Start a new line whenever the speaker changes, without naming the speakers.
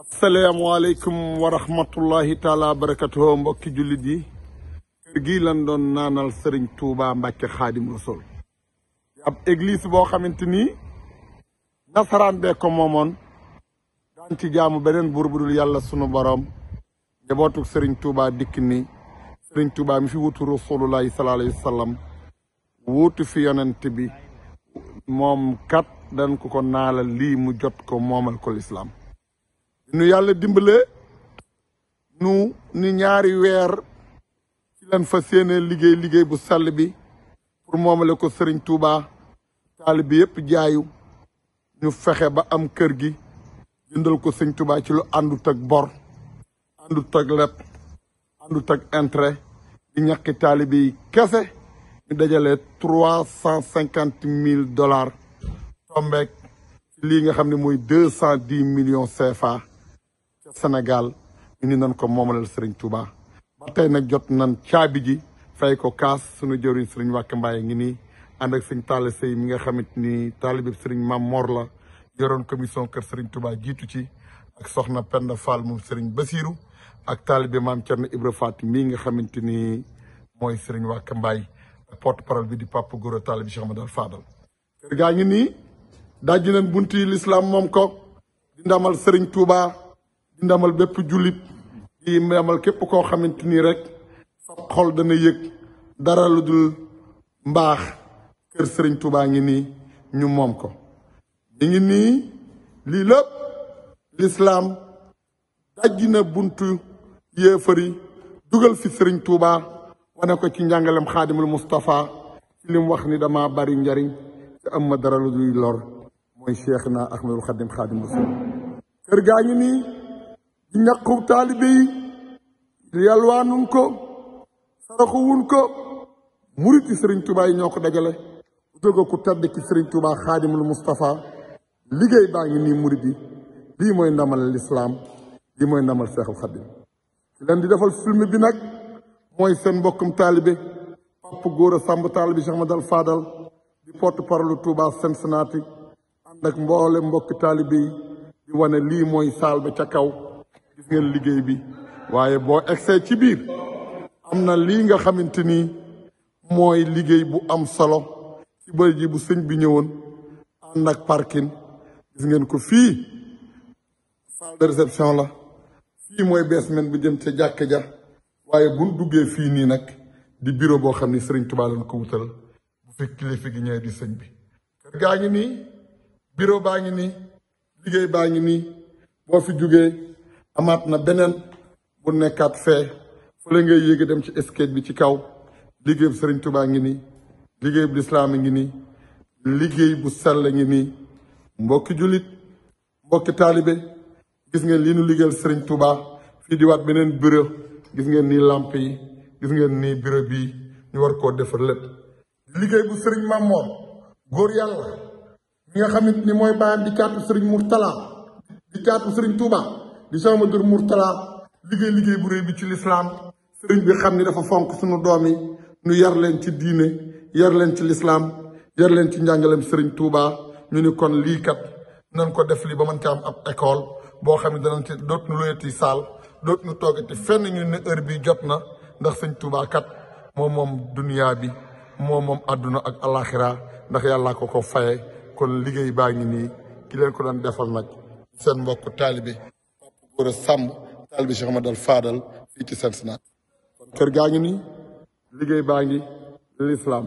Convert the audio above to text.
asalaamaaleykum wa rahmatullahi taala barakatuh mbokki jullit yi kër gii lan doon naanal sëriñ Touba Mbàkke Xaadim Rasul ab église boo xamante ni nasaraan bee ko moomoon daan ci jaamu beneen buur bu yàlla sunu boroom njabootuk sëriñ Touba dikk ni sëriñ Touba mi fi wutu rasulullahi sallallahu alayhi wa sallam wuutu fi yonent bi moom kat dañ ko ko naalal lii mu jot ko moomal ko lislaam nu yàlla dimbale nu ni ñaari weer ci lan fas yéene liggéey liggéey bu sàll bi pour moomale ko sëriñ Touba taali bi yëpp jaayu ñu fexe ba am kër gi jëndal ko sëñ Touba ci lu àndut ak bor àndut ak leb àndut ak intérêt di ñàkki taalibe yi kese ñu dajale trois cent cinquante mille dollars tombeek lii nga xam ne mooy deux cent dix million CFA Sénégal ñu ni nan ko moomalal Serigne Touba ba tey nag jot nan caabi ji fay ko kaas suñu jëriñ Serigne Wacké Mbaye ngi ni ànd ak Serigne Talla Seye mi nga xamante ni taalibe Serigne Mame Mor la yoroon commission kër Serigne Touba jiitu ci ak soxna Penda Fall moom Serigne Basirou ak taalibe mam Thierno Ibra Faty mii nga xamante ni mooy Serigne Wacké Mbaye porte parole bi di Papa Gora taalibe Cheikh Amadou Fadal kër gaa ngi nii dajji nañ buntu yi moom ko di ndamal Serigne Touba ndamal bépp jullit di ndamal képp koo xamante nii rek sa xol dana yëg dara lu dul mbaax kër sëriñ Touba ngi nii ñu moom ko mi ngi nii lii lépp lislaam dajji na buntu yéefari dugal fi sëriñ Touba wane ko ci njàngalem xaadimul Moustapha ci li mu wax ni dama bari njariñ te am ma dara lu dul lor mooy Cheikh na Ahmadul Xadim Xadim Rasul kër gaa ngi nii di ñàqu taalibe yi di yalwaanuñ ko saraxuwuñ ko murit yi sëriñ tubaa yi ñoo ko dajale ko ku tedd ci sëriñ tubaa xaadimul mustapha liggéey baa ngi nii murit yi lii mooy ndamal lislaam lii mooy ndamal seexul xaddim leen di defal film bi nag mooy seen mbokkum taalibe papp góor a sàmb taalibe Cheikh Madal Fadal di porte parole seen Cincinnati ànd ak mboole mbokki taalibe yi di wane lii mooy saal ba ca kaw gis ngeen liggéey bi waaye boo egsee ci biir am na lii nga xamante ni mooy liggéey bu am solo ci bëri ji bu sëñ bi ñëwoon ànd ak parkin gis ngeen ko fii salle de réception la fii mooy basement bi jëm ca jàkka ja waaye buñ duggee fii nii nag di bureau boo xam ni sëriñ Tuubaa lañ ko wutal bu fi kilifa gi ñëwee di sëñ bi kër gaa ngi nii bureau baa ngi nii liggéey baa ngi nii boo fi jógee amaat na beneen bu nekkaat fee fële ngay yéegi dem ci skate bi ci kaw liggéeyub sëriñ tubaa ngi nii liggéeyub lislaam ngi nii liggéey bu sell ngi nii mbokki jullit mbokki taalibe gis ngeen lii nu liggéeyal sëriñ tubaa fii di waat beneen bureau gis ngeen nii làmp yi gis ngeen nii bureau bii ñu war koo defar lépp liggéey bu sëriñ Mamoor góor yàlla ñi nga xamit ni mooy baayam di caatu sëriñ Murtala di caatu sëriñ Touba. di sama tur Mourtala liggéey liggéey bu bi ci lislaam sëriñ bi xam ni dafa fonk suñu doom yi ñu yar leen ci diine yar leen ci lislaam yar leen ci njàngaleem sëriñ Touba ñu ni kon lii kat nañ ko def lii ba mën ci am ab école boo xam ne danañ ci doot nu loyati saal doot nu toogati fenn ñu ne heure bi jot na ndax sëñ Touba kat moom moom duniyaa bi moom moom àdduna ak alaxira ndax yàllaa ko ko faye kon liggéey baa ngi nii ki leen ko doon defal nag seen mbokk taalibe góor a sàmm taal bi Cheikh Ahmad al Fadal fii kon kër gaa ngi nii liggéey baa ngi l'islam